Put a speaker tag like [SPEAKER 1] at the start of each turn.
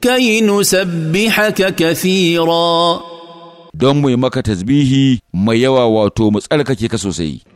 [SPEAKER 1] كي نسبحك كثيرا
[SPEAKER 2] don mu yi maka tasbihi mai yawa wato mu tsarkake ka sosai